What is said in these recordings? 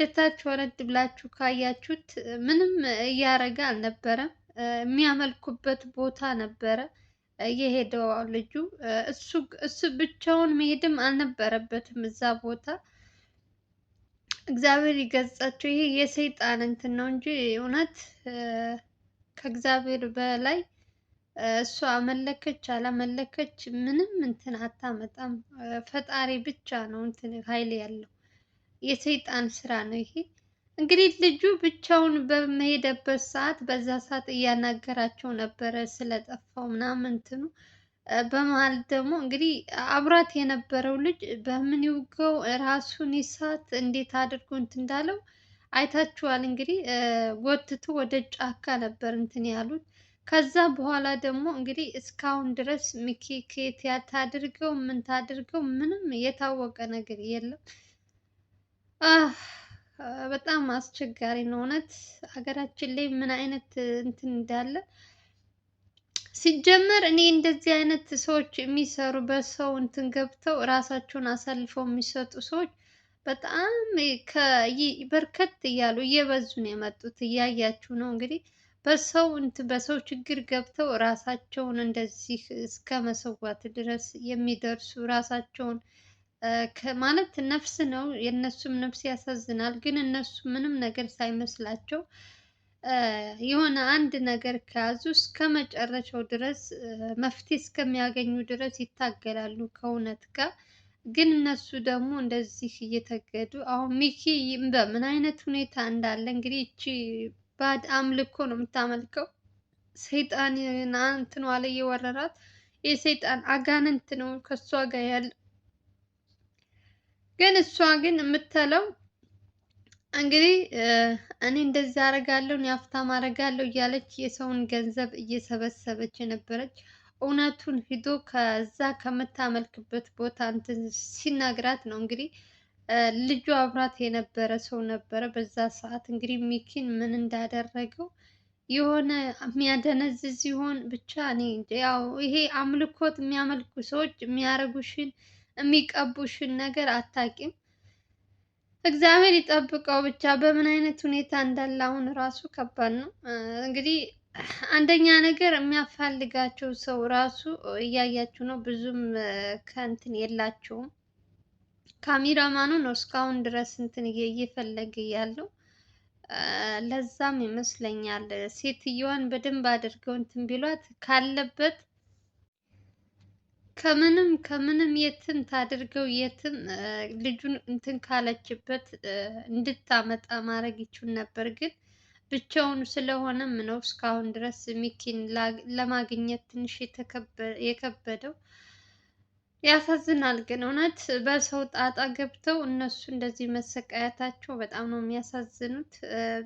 ወደታች ወረድ ብላችሁ ካያችሁት ምንም እያረገ አልነበረም። የሚያመልኩበት ቦታ ነበረ የሄደው ልጁ። እሱ ብቻውን መሄድም አልነበረበትም እዛ ቦታ። እግዚአብሔር ይገጻቸው። ይሄ የሰይጣን እንትን ነው እንጂ እውነት ከእግዚአብሔር በላይ እሱ አመለከች አላመለከች ምንም እንትን አታመጣም። ፈጣሪ ብቻ ነው እንትን ኃይል ያለው። የሰይጣን ስራ ነው ይሄ። እንግዲህ ልጁ ብቻውን በመሄደበት ሰዓት በዛ ሰዓት እያናገራቸው ነበረ ስለጠፋው ምናምን እንትኑ። በመሀል ደግሞ እንግዲህ አብራት የነበረው ልጅ በምን ይውገው ራሱን ይሳት እንዴት አድርጎ እንትን እንዳለው አይታችኋል። እንግዲህ ጎትቶ ወደ ጫካ ነበር እንትን ያሉት። ከዛ በኋላ ደግሞ እንግዲህ እስካሁን ድረስ ሚኪ ከየት ታድርገው ምን ታድርገው ምንም የታወቀ ነገር የለም። በጣም አስቸጋሪ ነው እውነት ሀገራችን ላይ ምን አይነት እንትን እንዳለ ሲጀመር እኔ እንደዚህ አይነት ሰዎች የሚሰሩ በሰው እንትን ገብተው ራሳቸውን አሳልፈው የሚሰጡ ሰዎች በጣም በርከት እያሉ እየበዙ ነው የመጡት። እያያችሁ ነው እንግዲህ በሰው እንትን በሰው ችግር ገብተው ራሳቸውን እንደዚህ እስከ መሰዋት ድረስ የሚደርሱ ራሳቸውን ማለት ነፍስ ነው። የእነሱም ነፍስ ያሳዝናል። ግን እነሱ ምንም ነገር ሳይመስላቸው የሆነ አንድ ነገር ከያዙ እስከ መጨረሻው ድረስ መፍትሄ እስከሚያገኙ ድረስ ይታገላሉ ከእውነት ጋር። ግን እነሱ ደግሞ እንደዚህ እየተገዱ አሁን ሚኪ በምን አይነት ሁኔታ እንዳለ እንግዲህ እቺ ባድ አምልኮ ነው የምታመልከው። ሰይጣን እንትኗ ላይ የወረራት የሰይጣን አጋንንት ነው ከእሷ ጋር ያለው ግን እሷ ግን የምትለው እንግዲህ እኔ እንደዚህ አደርጋለሁ እኔ ሀብታም አደርጋለሁ እያለች የሰውን ገንዘብ እየሰበሰበች የነበረች እውነቱን ሂዶ ከዛ ከምታመልክበት ቦታ እንትን ሲናግራት ነው እንግዲህ ልጁ አብራት የነበረ ሰው ነበረ። በዛ ሰዓት እንግዲህ ሚኪን ምን እንዳደረገው የሆነ የሚያደነዝዝ ሲሆን ብቻ እኔ ያው ይሄ አምልኮት የሚያመልኩ ሰዎች የሚያደርጉሽን የሚቀቡሽን ነገር አታቂም። እግዚአብሔር ይጠብቀው ብቻ በምን አይነት ሁኔታ እንዳለ አሁን ራሱ ከባድ ነው። እንግዲህ አንደኛ ነገር የሚያፋልጋቸው ሰው ራሱ እያያችሁ ነው። ብዙም ከእንትን የላቸውም። ካሜራማኑ ነው እስካሁን ድረስ እንትን እየፈለገ ያለው። ለዛም ይመስለኛል ሴትዮዋን በደንብ አድርገው እንትን ቢሏት ካለበት ከምንም ከምንም የትም ታድርገው የትም ልጁን እንትን ካለችበት እንድታመጣ ማድረግ ይችል ነበር፣ ግን ብቻውን ስለሆነም ነው እስካሁን ድረስ ሚኪን ለማግኘት ትንሽ የከበደው። ያሳዝናል። ግን እውነት በሰው ጣጣ ገብተው እነሱ እንደዚህ መሰቃየታቸው በጣም ነው የሚያሳዝኑት።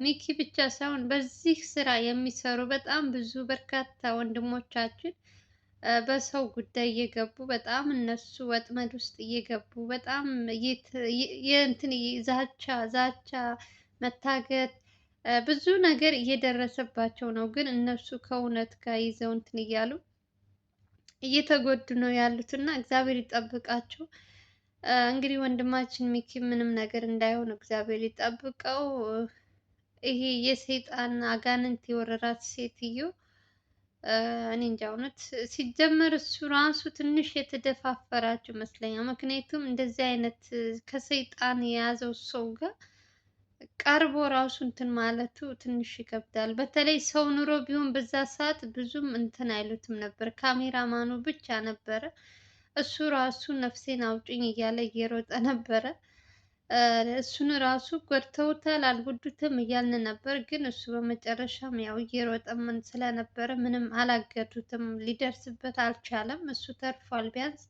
ሚኪ ብቻ ሳይሆን በዚህ ስራ የሚሰሩ በጣም ብዙ በርካታ ወንድሞቻችን በሰው ጉዳይ እየገቡ በጣም እነሱ ወጥመድ ውስጥ እየገቡ በጣም የእንትን ዛቻ ዛቻ መታገት ብዙ ነገር እየደረሰባቸው ነው። ግን እነሱ ከእውነት ጋር ይዘው እንትን እያሉ እየተጎዱ ነው ያሉት እና እግዚአብሔር ይጠብቃቸው። እንግዲህ ወንድማችን ሚኪ ምንም ነገር እንዳይሆን እግዚአብሔር ይጠብቀው። ይሄ የሰይጣን አጋንንት የወረራት ሴትዮ እኔ እንጃ እውነት ሲጀመር እሱ ራሱ ትንሽ የተደፋፈራቸው ይመስለኛል። ምክንያቱም እንደዚህ አይነት ከሰይጣን የያዘው ሰው ጋር ቀርቦ ራሱ እንትን ማለቱ ትንሽ ይከብዳል። በተለይ ሰው ኑሮ ቢሆን በዛ ሰዓት ብዙም እንትን አይሉትም ነበር፣ ካሜራማኑ ብቻ ነበረ። እሱ ራሱ ነፍሴን አውጭኝ እያለ እየሮጠ ነበረ። እሱን ራሱ ጎድተውታል አልጎዱትም እያልን ነበር። ግን እሱ በመጨረሻም ያው እየሮጠ ስለነበረ ምንም አላገዱትም፣ ሊደርስበት አልቻለም። እሱ ተርፏል ቢያንስ።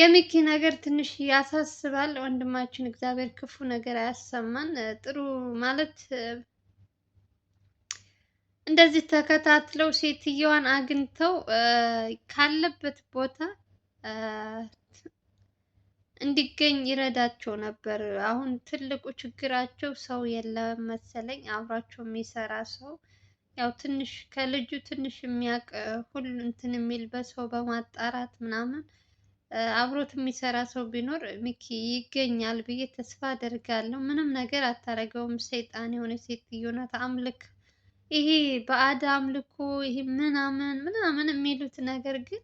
የሚኪ ነገር ትንሽ ያሳስባል። ወንድማችን እግዚአብሔር ክፉ ነገር አያሰማን። ጥሩ ማለት እንደዚህ ተከታትለው ሴትየዋን አግኝተው ካለበት ቦታ እንዲገኝ ይረዳቸው ነበር። አሁን ትልቁ ችግራቸው ሰው የለም መሰለኝ፣ አብሯቸው የሚሰራ ሰው ያው ትንሽ ከልጁ ትንሽ የሚያውቅ ሁሉ እንትን የሚል በሰው በማጣራት ምናምን አብሮት የሚሰራ ሰው ቢኖር ሚኪ ይገኛል ብዬ ተስፋ አደርጋለሁ። ምንም ነገር አታደርገውም። ሰይጣን የሆነ ሴትዮ ናት። አምልክ ይሄ በአድ አምልኮ ይሄ ምናምን ምናምን የሚሉት ነገር ግን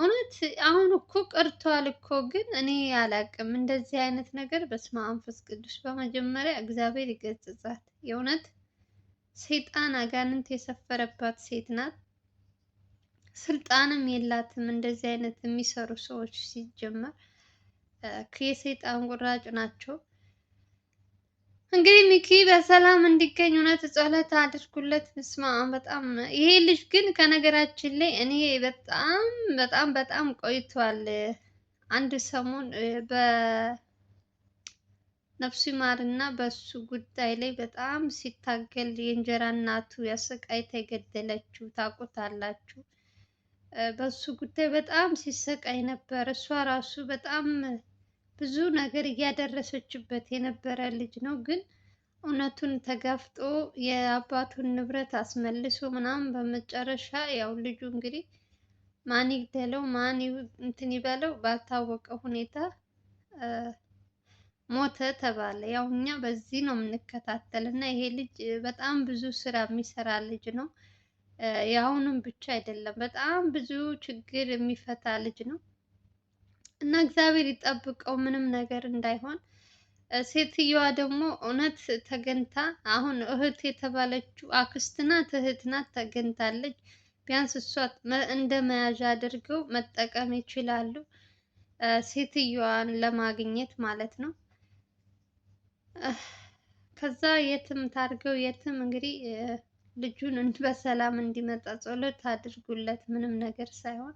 እውነት አሁን እኮ ቀርቷል እኮ ግን እኔ አላቅም። እንደዚህ አይነት ነገር በስመ አብ መንፈስ ቅዱስ። በመጀመሪያ እግዚአብሔር ይገስጻት። የእውነት ሰይጣን አጋንንት የሰፈረባት ሴት ናት። ስልጣንም የላትም። እንደዚህ አይነት የሚሰሩ ሰዎች ሲጀመር የሰይጣን ቁራጭ ናቸው። እንግዲህ ሚኪ በሰላም እንዲገኝ እውነት ጸሎት አድርጉለት። ምስማ በጣም ይሄ ልጅ ግን ከነገራችን ላይ እኔ በጣም በጣም በጣም ቆይቷል። አንድ ሰሞን በነፍሱ ይማርና በሱ ጉዳይ ላይ በጣም ሲታገል የእንጀራ እናቱ ያሰቃይ ተገደለችው ታውቁታላችሁ። በሱ ጉዳይ በጣም ሲሰቃይ ነበር። እሷ ራሱ በጣም ብዙ ነገር እያደረሰችበት የነበረ ልጅ ነው። ግን እውነቱን ተጋፍጦ የአባቱን ንብረት አስመልሶ ምናምን በመጨረሻ ያው ልጁ እንግዲህ ማን ይግደለው ማን እንትን ይበለው ባልታወቀ ሁኔታ ሞተ ተባለ። ያው እኛ በዚህ ነው የምንከታተል እና ይሄ ልጅ በጣም ብዙ ስራ የሚሰራ ልጅ ነው። የአሁኑም ብቻ አይደለም፣ በጣም ብዙ ችግር የሚፈታ ልጅ ነው። እና እግዚአብሔር ይጠብቀው ምንም ነገር እንዳይሆን። ሴትየዋ ደግሞ እውነት ተገንታ አሁን እህት የተባለችው አክስት ናት፣ እህት ናት፣ ተገንታለች። ቢያንስ እሷ እንደ መያዣ አድርገው መጠቀም ይችላሉ፣ ሴትየዋን ለማግኘት ማለት ነው። ከዛ የትም ታርገው የትም እንግዲህ ልጁን በሰላም እንዲመጣ ጸሎት አድርጉለት፣ ምንም ነገር ሳይሆን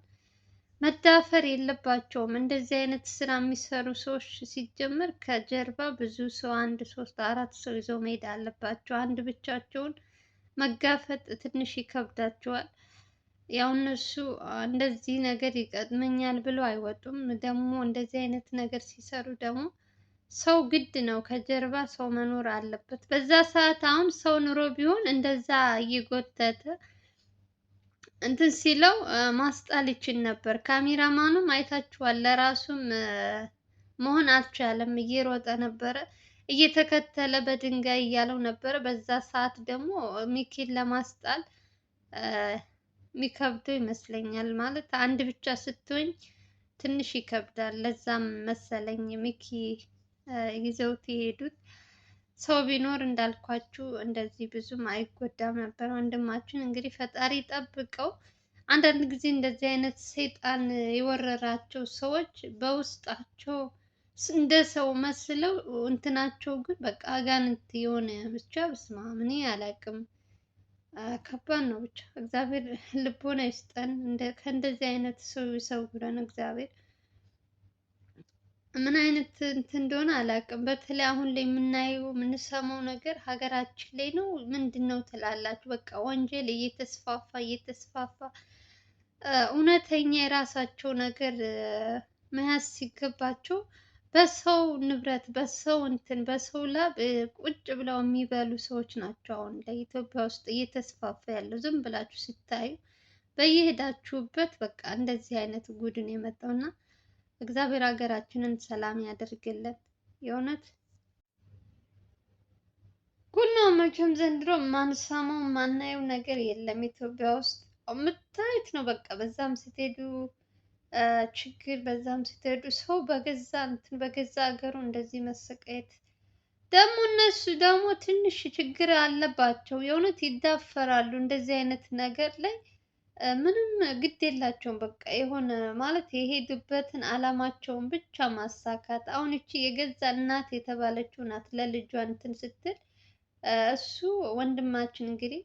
መዳፈር የለባቸውም። እንደዚህ አይነት ስራ የሚሰሩ ሰዎች ሲጀመር ከጀርባ ብዙ ሰው አንድ ሶስት አራት ሰው ይዘው መሄድ አለባቸው። አንድ ብቻቸውን መጋፈጥ ትንሽ ይከብዳቸዋል። ያው እነሱ እንደዚህ ነገር ይገጥመኛል ብለው አይወጡም። ደግሞ እንደዚህ አይነት ነገር ሲሰሩ ደግሞ ሰው ግድ ነው፣ ከጀርባ ሰው መኖር አለበት። በዛ ሰዓት አሁን ሰው ኑሮ ቢሆን እንደዛ እየጎተተ እንትን ሲለው ማስጣል ይችል ነበር። ካሜራማኑም አይታችኋል፣ ለራሱም መሆን አልቻለም። እየሮጠ ነበረ፣ እየተከተለ በድንጋይ እያለው ነበረ። በዛ ሰዓት ደግሞ ሚኪን ለማስጣል የሚከብደው ይመስለኛል። ማለት አንድ ብቻ ስትሆኝ ትንሽ ይከብዳል። ለዛም መሰለኝ ሚኪ ይዘውት የሄዱት። ሰው ቢኖር እንዳልኳችሁ እንደዚህ ብዙም አይጎዳም ነበር ወንድማችን። እንግዲህ ፈጣሪ ጠብቀው። አንዳንድ ጊዜ እንደዚህ አይነት ሰይጣን የወረራቸው ሰዎች በውስጣቸው እንደ ሰው መስለው እንትናቸው ግን በቃ አጋንንት የሆነ ብቻ ብስማ ምን አላቅም። ከባድ ነው ብቻ። እግዚአብሔር ልቦና ይስጠን። ከእንደዚህ አይነት ሰው ይሰውረን እግዚአብሔር። ምን አይነት እንትን እንደሆነ አላውቅም። በተለይ አሁን ላይ የምናየው የምንሰማው ነገር ሀገራችን ላይ ነው ምንድን ነው ትላላችሁ? በቃ ወንጀል እየተስፋፋ እየተስፋፋ እውነተኛ የራሳቸው ነገር መያዝ ሲገባቸው በሰው ንብረት በሰው እንትን በሰው ላብ ቁጭ ብለው የሚበሉ ሰዎች ናቸው። አሁን ኢትዮጵያ ውስጥ እየተስፋፋ ያለው ዝም ብላችሁ ስታዩ በየሄዳችሁበት በቃ እንደዚህ አይነት ጉድን የመጣውና እግዚአብሔር ሀገራችንን ሰላም ያደርግልን። የእውነት ጉድ ነው መቼም ዘንድሮ ማንሰማው ማናየው ነገር የለም ኢትዮጵያ ውስጥ ምታዩት ነው። በቃ በዛም ስትሄዱ ችግር፣ በዛም ስትሄዱ ሰው በገዛ እንትን በገዛ ሀገሩ እንደዚህ መሰቃየት ደግሞ እነሱ ደግሞ ትንሽ ችግር አለባቸው። የእውነት ይዳፈራሉ እንደዚህ አይነት ነገር ላይ ምንም ግድ የላቸውም። በቃ የሆነ ማለት የሄዱበትን አላማቸውን ብቻ ማሳካት። አሁን እቺ የገዛ እናት የተባለችው ናት ለልጇ እንትን ስትል፣ እሱ ወንድማችን እንግዲህ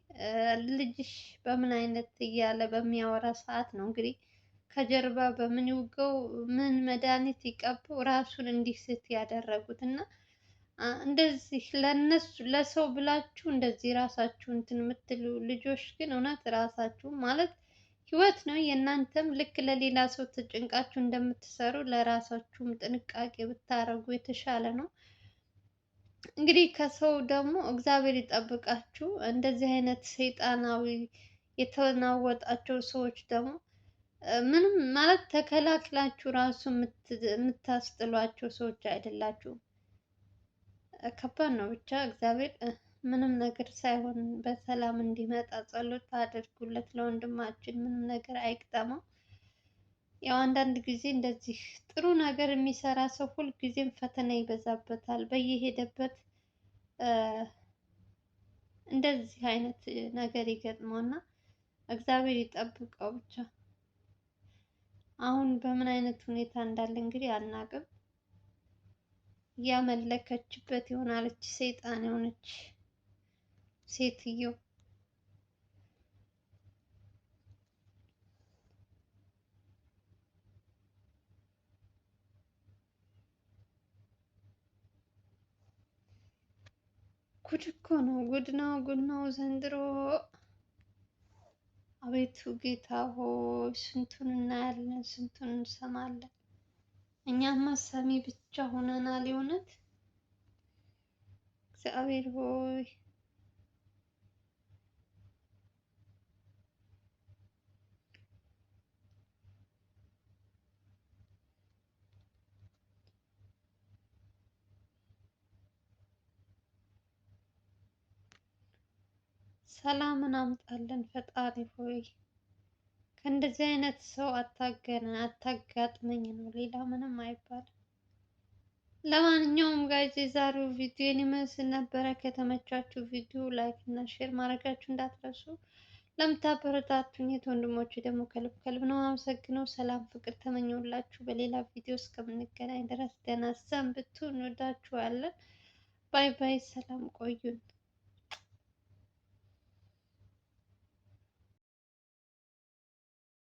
ልጅሽ በምን አይነት እያለ በሚያወራ ሰዓት ነው እንግዲህ ከጀርባ በምን ይውገው ምን መድኃኒት ይቀበው ራሱን እንዲህ ስት ያደረጉት እና እንደዚህ ለነሱ ለሰው ብላችሁ እንደዚህ ራሳችሁ እንትን የምትሉ ልጆች ግን እውነት ራሳችሁ ማለት ህይወት ነው። የእናንተም ልክ ለሌላ ሰው ተጨንቃችሁ እንደምትሰሩ ለራሳችሁም ጥንቃቄ ብታደርጉ የተሻለ ነው። እንግዲህ ከሰው ደግሞ እግዚአብሔር ይጠብቃችሁ። እንደዚህ አይነት ሰይጣናዊ የተናወጣቸው ሰዎች ደግሞ ምንም ማለት ተከላክላችሁ ራሱ የምታስጥሏቸው ሰዎች አይደላችሁም። ከባድ ነው ብቻ እግዚአብሔር ምንም ነገር ሳይሆን በሰላም እንዲመጣ ጸሎት አድርጉለት። ለወንድማችን ምንም ነገር አይግጠመው። ያው አንዳንድ ጊዜ እንደዚህ ጥሩ ነገር የሚሰራ ሰው ሁልጊዜም ፈተና ይበዛበታል። በየሄደበት እንደዚህ አይነት ነገር ይገጥመውና እግዚአብሔር ይጠብቀው ብቻ። አሁን በምን አይነት ሁኔታ እንዳለ እንግዲህ አናቅም። እያመለከችበት ይሆናለች ሰይጣን የሆነች ሴትየው ጉድ እኮ ነው። ጉድ ነው። ጉድ ነው ዘንድሮ። አቤቱ ጌታ ሆይ ስንቱን እናያለን፣ ስንቱን እንሰማለን። እኛማ ሰሚ ብቻ ሆነናል። የእውነት እግዚአብሔር ሆይ ሰላምን አምጣልን ፈጣሪ ሆይ። ከእንደዚህ አይነት ሰው አታገነ አታጋጥመኝ ነው፣ ሌላ ምንም አይባልም። ለማንኛውም ጋዜ የዛሬው ቪዲዮ ይመስል ነበረ። ከተመቻችሁ ቪዲዮ ላይክ እና ሼር ማድረጋችሁ እንዳትረሱ። ለምታበረታቱኝ የት ወንድሞቼ ደግሞ ከልብ ከልብ ነው አመሰግነው። ሰላም ፍቅር ተመኘሁላችሁ። በሌላ ቪዲዮ እስከምንገናኝ ድረስ ደህና ሰንብቱ። እንወዳችኋለን። ባይ ባይ። ሰላም ቆዩን።